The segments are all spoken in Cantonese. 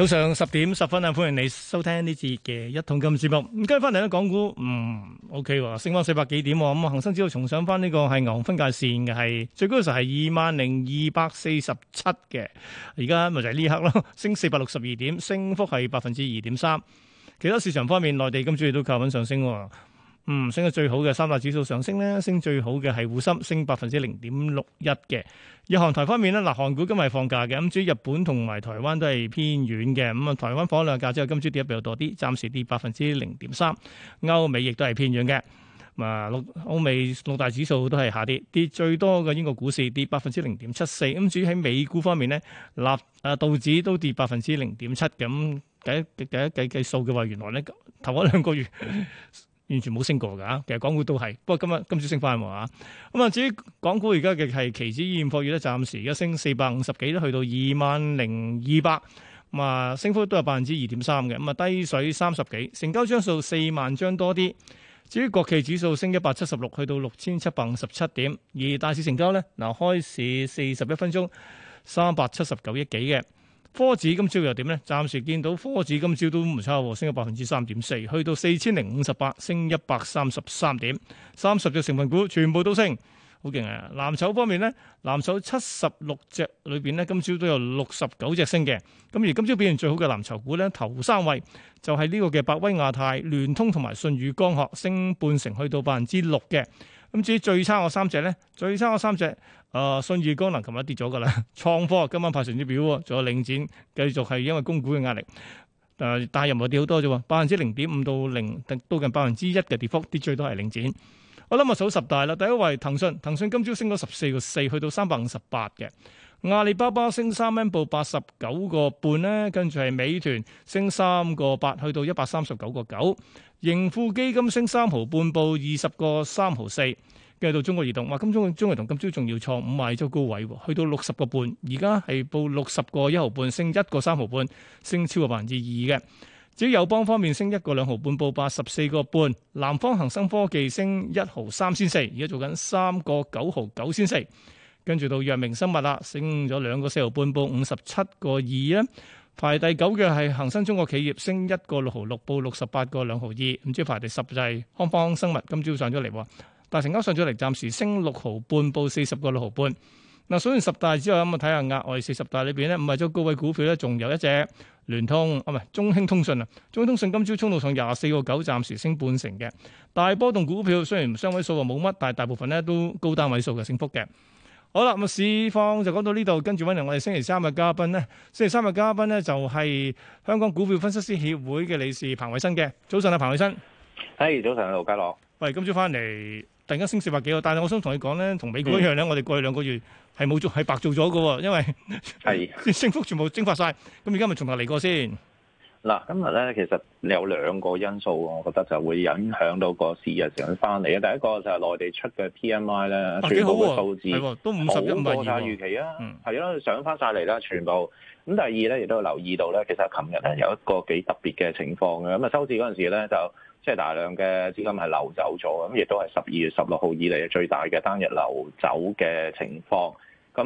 早上十點十分啊，歡迎你收聽呢節嘅一桶金節目。咁今日翻嚟啦，港股嗯 OK 喎，升翻四百幾點。咁啊，恒生指數重上翻呢個係牛熊分界線嘅，係最高嘅時候係二萬零二百四十七嘅。而家咪就係呢刻咯，升四百六十二點，升幅係百分之二點三。其他市場方面，內地今朝亦都靠穩上升。嗯，升得最好嘅三大指數上升咧，升最好嘅係滬深，升百分之零點六一嘅。日韓台方面呢嗱，韓股今日係放假嘅，咁主要日本同埋台灣都係偏軟嘅。咁啊，台灣放咗兩架之後今朝跌比較多啲，暫時跌百分之零點三。歐美亦都係偏軟嘅，咁啊，六歐美六大指數都係下跌，跌最多嘅英國股市跌百分之零點七四。咁主要喺美股方面呢立啊道指都跌百分之零點七，咁第一第一計計數嘅話，原來呢頭一兩個月。 完全冇升過㗎，其實港股都係，不過今日今朝升翻喎，嚇。咁啊，至於港股而家嘅係期指現貨月咧，暫時而家升四百五十幾，都去到二萬零二百，咁啊，升幅都係百分之二點三嘅，咁啊，低水三十幾，成交張數四萬張多啲。至於國企指數升一百七十六，去到六千七百五十七點。而大市成交咧，嗱，開市四十一分鐘三百七十九億幾嘅。科指今朝又點呢？暫時見到科指今朝都唔差，升咗百分之三點四，去到四千零五十八，升一百三十三點。三十隻成分股全部都升，好勁啊！藍籌方面呢，藍籌七十六隻裏邊呢，今朝都有六十九隻升嘅。咁而今朝表現最好嘅藍籌股呢，頭三位就係、是、呢個嘅百威亞太、聯通同埋舜宇光學，升半成，去到百分之六嘅。咁至於最差我三隻咧，最差我三隻，誒、呃、信義光能琴日跌咗噶啦，創科今晚派成績表喎，仲有領展繼續係因為供股嘅壓力，誒、呃、但係又唔係跌好多啫喎，百分之零點五到零，到, 0, 到近百分之一嘅跌幅，跌最多係領展，我諗我數十大啦。第一位騰訊，騰訊今朝升咗十四個四，去到三百五十八嘅。阿里巴巴升三蚊半，報八十九個半呢，跟住係美團升三個八，去到一百三十九個九。盈富基金升三毫半，報二十個三毫四，跟住到中國移動，話今朝中國移動今朝仲要創五十周高位，去到六十個半，而家係報六十個一毫半，升一個三毫半，升超過百分之二嘅。至於友邦方面，升一個兩毫半，報八十四個半。南方恒生科技升一毫三先四，而家做緊三個九毫九先四。跟住到藥明生物啦，升咗兩個四毫半，報五十七個二咧。排第九嘅係恒生中國企業，升一個六毫六，報六十八個兩毫二。唔知排第十就係康方生物，今朝上咗嚟，但係成交上咗嚟，暫時升六毫半，報四十個六毫半。嗱，數完十大之後咁啊，睇下額外四十大裏邊咧，唔係咗高位股票咧，仲有一隻聯通啊，唔係中興通訊啊，中興通訊今朝衝到上廿四個九，暫時升半成嘅大波動股票。雖然唔雙位數啊冇乜，但係大部分咧都高單位數嘅升幅嘅。好啦，咁市況就講到呢度，跟住揾嚟我哋星期三嘅嘉賓咧。星期三嘅嘉賓咧就係香港股票分析師協會嘅理事彭偉新嘅。早晨啊，彭偉新。誒，hey，早晨啊，盧家樂。喂，今朝翻嚟，突然間升四百幾喎。但係我想同你講咧，同美國一樣咧，嗯、我哋過去兩個月係冇做，係白做咗嘅喎。因為係升幅全部蒸發晒。咁而家咪從頭嚟過先。嗱，今日咧其實有兩個因素，我覺得就會影響到個市日上翻嚟啊！第一個就係內地出嘅 PMI 咧，全部嘅數字，都唔好過曬預期啊！係啊、嗯，上翻晒嚟啦，全部。咁第二咧，亦都要留意到咧，其實琴日係有一個幾特別嘅情況嘅。咁、嗯、啊，收市嗰陣時咧，就即係、就是、大量嘅資金係流走咗，咁亦都係十二月十六號以嚟最大嘅單日流走嘅情況。咁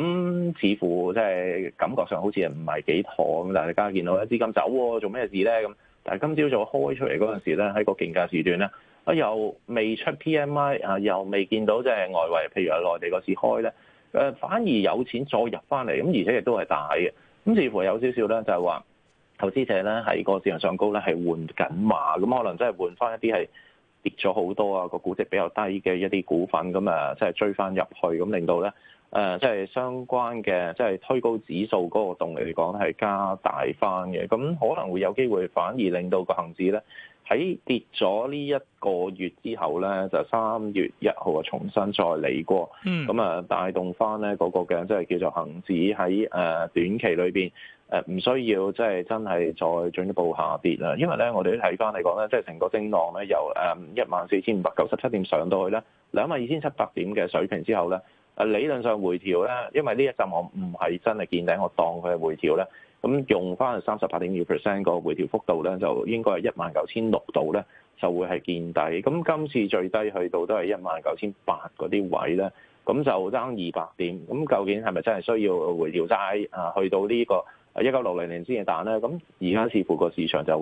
似乎即係、就是、感覺上好似唔係幾妥咁，但係大家見到咧資金走、啊，做咩事咧咁？但係今朝早開出嚟嗰陣時咧，喺個競價時段咧，啊又未出 PMI 啊，又未見到即係外圍，譬如喺內地個市開咧，誒反而有錢再入翻嚟咁，而且亦都係大嘅。咁似乎有少少咧，就係話投資者咧喺個市場上高咧係換緊馬，咁可能真係換翻一啲係跌咗好多啊個估值比較低嘅一啲股份咁啊，即係追翻入去，咁令到咧。誒、呃，即係相關嘅，即係推高指數嗰個動力嚟講，係加大翻嘅。咁可能會有機會，反而令到個恒指咧，喺跌咗呢一個月之後咧，就三月一號啊，重新再嚟過。嗯。咁啊，帶動翻咧嗰個嘅，即係叫做恒指喺誒短期裏邊誒，唔需要即係真係再進一步下跌喇。因為咧，我哋都睇翻嚟講咧，即係成個升浪咧，由誒一萬四千五百九十七點上到去咧兩萬二千七百點嘅水平之後咧。啊理論上回調咧，因為呢一陣我唔係真係見底，我當佢係回調咧。咁用翻三十八點二 percent 個回調幅度咧，就應該係一萬九千六度咧，就會係見底。咁今次最低去到都係一萬九千八嗰啲位咧，咁就爭二百點。咁究竟係咪真係需要回調曬啊？去到呢個一九六零零先嘅彈咧？咁而家似乎個市場就誒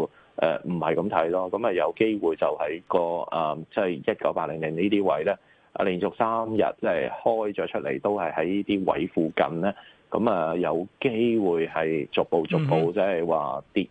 唔係咁睇咯。咁啊有機會就喺個誒即係一九八零零呢啲位咧。啊，連續三日即係開咗出嚟，都係喺呢啲位附近咧，咁啊有機會係逐步逐步即係話跌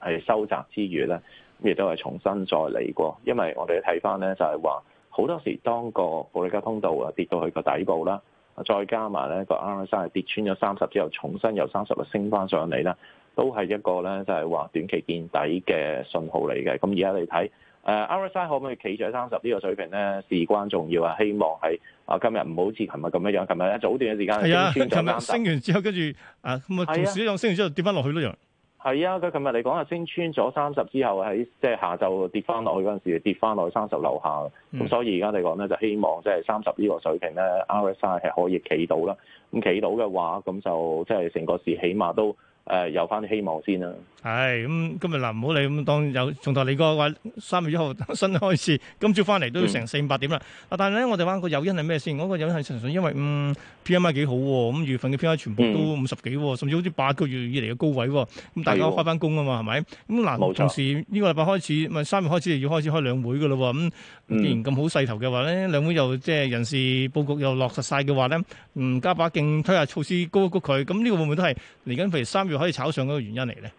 係收窄之餘咧，咁亦都係重新再嚟過。因為我哋睇翻咧，就係話好多時當個保力加通道啊跌到去個底部啦，再加埋咧個 RSI 係跌穿咗三十之後，重新由三十啊升翻上嚟啦，都係一個咧就係話短期見底嘅信號嚟嘅。咁而家你睇。誒，RSI 可唔可以企住喺三十呢個水平咧？事關重要啊！希望係啊今日唔好似琴日咁樣樣。琴日一早段嘅時間係升穿咗三十。係啊，琴日升完之後，跟住啊咁啊，同時一樣升完之後跌翻落去咯又。係啊，佢琴日嚟講啊，升穿咗三十之後，喺即係下晝跌翻落去嗰陣時，跌翻落去三十樓下。咁所以而家嚟講咧，就希望即係三十呢個水平咧，RSI 係可以企到啦。咁企到嘅話，咁就即係成個市起碼都。誒、呃、有翻啲希望先啦、啊，係咁、哎嗯、今日嗱唔好理咁，當有。從頭你個話三月一號新開始，今朝翻嚟都要成四五百點啦。啊、嗯，但係咧我哋話個誘因係咩先？我、嗰個誘因係純粹因為嗯 P M I 幾好喎，咁、嗯、月份嘅 P M I 全部都五十幾，甚至好似八個月以嚟嘅高位喎、哦。咁、嗯、大家開翻工啊嘛，係咪、哦？咁嗱，嗯嗯、錯同時呢、這個禮拜開始咪三月開始就要開始開兩會嘅嘞喎。咁、嗯嗯、既然咁好勢頭嘅話咧，兩會又即係人事佈局又落實晒嘅話咧，唔、嗯、加把勁推下措施高一高佢，咁呢個會唔會都係嚟緊？譬如三月。可以炒上嗰個原因嚟咧？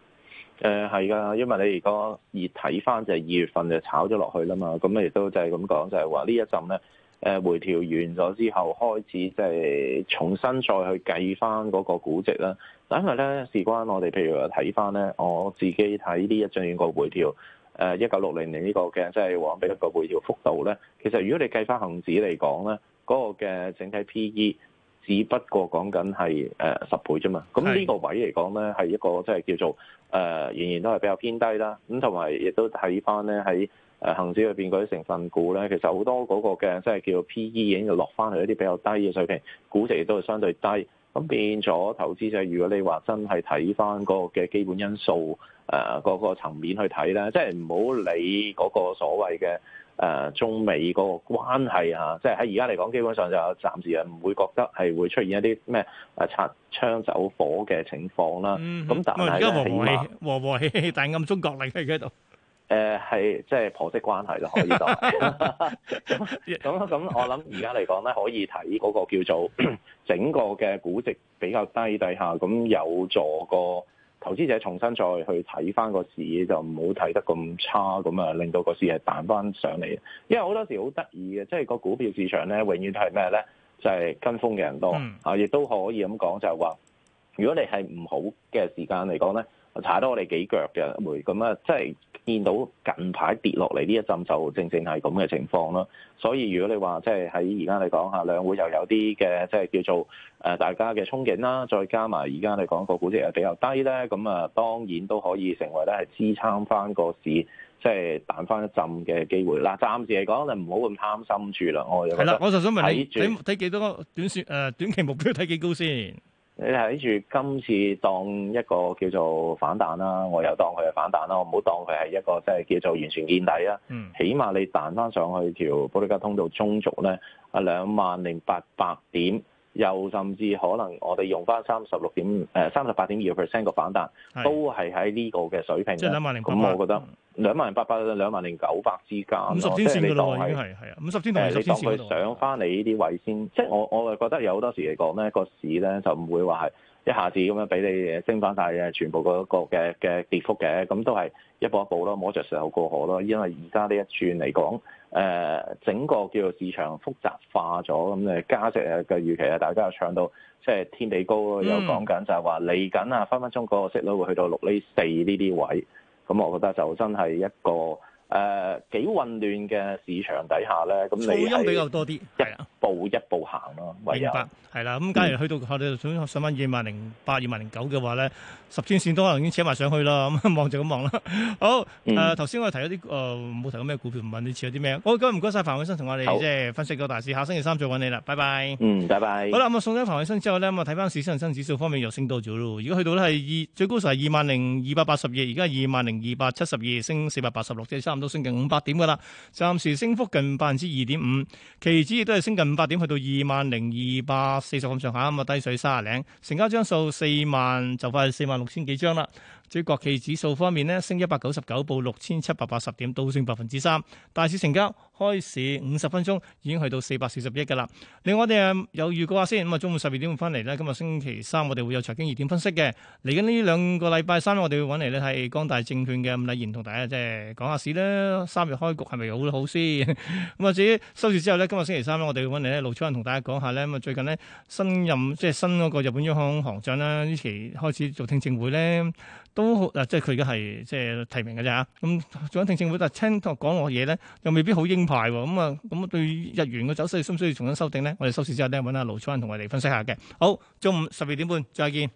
誒係噶，因為你如果而睇翻就係二月份就炒咗落去啦嘛，咁啊亦都就係咁講，就係話呢一陣咧誒回調完咗之後，開始即係重新再去計翻嗰個估值啦。但因為咧事關我哋，譬如話睇翻咧，我自己睇呢一張呢個回調誒一九六零年呢個嘅，即係往俾一個回調幅度咧。其實如果你計翻恒指嚟講咧，嗰個嘅整體 P E。只不過講緊係誒十倍啫嘛，咁呢個位嚟講咧，係一個即係叫做誒、呃，仍然都係比較偏低啦。咁同埋亦都睇翻咧喺誒恆指裏邊嗰啲成分股咧，其實好多嗰個嘅即係叫做 P/E 已經落翻去一啲比較低嘅水平，估值亦都係相對低。咁變咗投資者，如果你話真係睇翻嗰個嘅基本因素誒，嗰個層面去睇咧，即係唔好理嗰個所謂嘅。誒、呃、中美嗰個關係啊，即係喺而家嚟講，基本上就暫時係唔會覺得係會出現一啲咩誒擦槍走火嘅情況啦。咁、嗯、但係和和氣和和氣氣，但暗中角力喺度。誒係、呃、即係婆媳關係咯， 可以講。咁咁，我諗而家嚟講咧，可以睇嗰個叫做 整個嘅估值比較低底下，咁有助個。投資者重新再去睇翻個市，就唔好睇得咁差，咁啊令到個市係彈翻上嚟。因為好多時好得意嘅，即係個股票市場咧，永遠都係咩咧？就係跟風嘅人多，嗯，啊！亦都可以咁講，就係話如果你係唔好嘅時間嚟講咧。踩多我哋幾腳嘅，咁啊，即係見到近排跌落嚟呢一陣就正正係咁嘅情況啦。所以如果你話即係喺而家嚟講嚇，兩會又有啲嘅即係叫做誒大家嘅憧憬啦，再加埋而家嚟講個估值又比較低咧，咁啊當然都可以成為咧係支撐翻個市，即係彈翻一陣嘅機會啦。暫時嚟講，你唔好咁貪心住啦。我係啦，我就想問你，睇睇幾多個短線誒短期目標睇幾高先？你睇住今次當一個叫做反彈啦，啊，我又當佢係反彈啦，啊，我唔好當佢係一個即係叫做完全見底啦。嗯，起碼你彈返上去條保歷加通道中軸咧，啊，兩萬零八百點。又甚至可能我哋用翻三十六點誒三十八點二 percent 個反彈，的都係喺呢個嘅水平。即兩萬零八百，咁我覺得兩萬零八百兩萬零九百之間。五十天線嘅話已經係啊，五十天線。誒，你當佢上翻你呢啲位先，的即，先的即我我係覺得有好多時嚟講咧，個市咧就唔會話係。一下子咁樣俾你升翻晒，嘅全部嗰個嘅嘅跌幅嘅，咁都係一步一步咯，摸着石頭過河咯。因為而家呢一轉嚟講，誒、呃、整個叫做市場複雜化咗，咁誒加息嘅預期啊，大家又唱到即係天地高有，有講緊就係話嚟緊啊，分分鐘個息率會去到六釐四呢啲位。咁我覺得就真係一個誒幾、呃、混亂嘅市場底下咧，咁你係噪音比較多啲。步一步行咯，明白係啦。咁假如去到我哋、嗯、上翻二萬零八、二萬零九嘅話咧，十天線都可能已經扯埋上去啦。咁 望就咁望啦。好，誒頭先我哋提咗啲誒冇提過咩股票，唔問你似有啲咩？哦、謝謝我好，咁唔該晒，彭偉新同我哋即係分析個大市。下星期三再揾你啦，拜拜。嗯、拜拜。好啦，咁啊送咗彭偉新之後咧，咁啊睇翻市恒生指數方面又升多咗咯。而家去到咧係二最高就係二萬零二百八十二，而家二萬零二百七十二，升四百八十六，即係差唔多升近五百點噶啦。暫時升幅近百分之二點五，期指亦都係升近。五百點去到二萬零二百四十咁上下，咁啊低水三啊零，成交張數四萬，就快四萬六千幾張啦。至於國企指數方面咧，升一百九十九報六千七百八十點，倒升百分之三。大市成交開市五十分鐘已經去到四百四十億㗎喇。另外我哋有預告下先，咁啊中午十二點翻嚟咧，今日星期三我哋會有財經熱點分析嘅。嚟緊呢兩個禮拜三我哋會揾嚟咧係光大證券嘅吳麗賢同大家即係講下市咧。三日開局係咪好好先？咁啊至於收市之後呢，今日星期三咧，我哋會揾嚟咧盧超人同大家講下呢。咁啊最近呢，新任即係新嗰個日本央行行長啦，呢期開始做聽證會呢。都啊，即係佢而家係即係提名嘅啫嚇。咁中央聽證會就聽佢講我嘢咧，又未必好鷹派喎。咁啊，咁對日元嘅走勢，需唔需要重新修訂咧？我哋收市之後咧，揾阿盧楚仁同我哋分析下嘅。好，中午十二點半再見。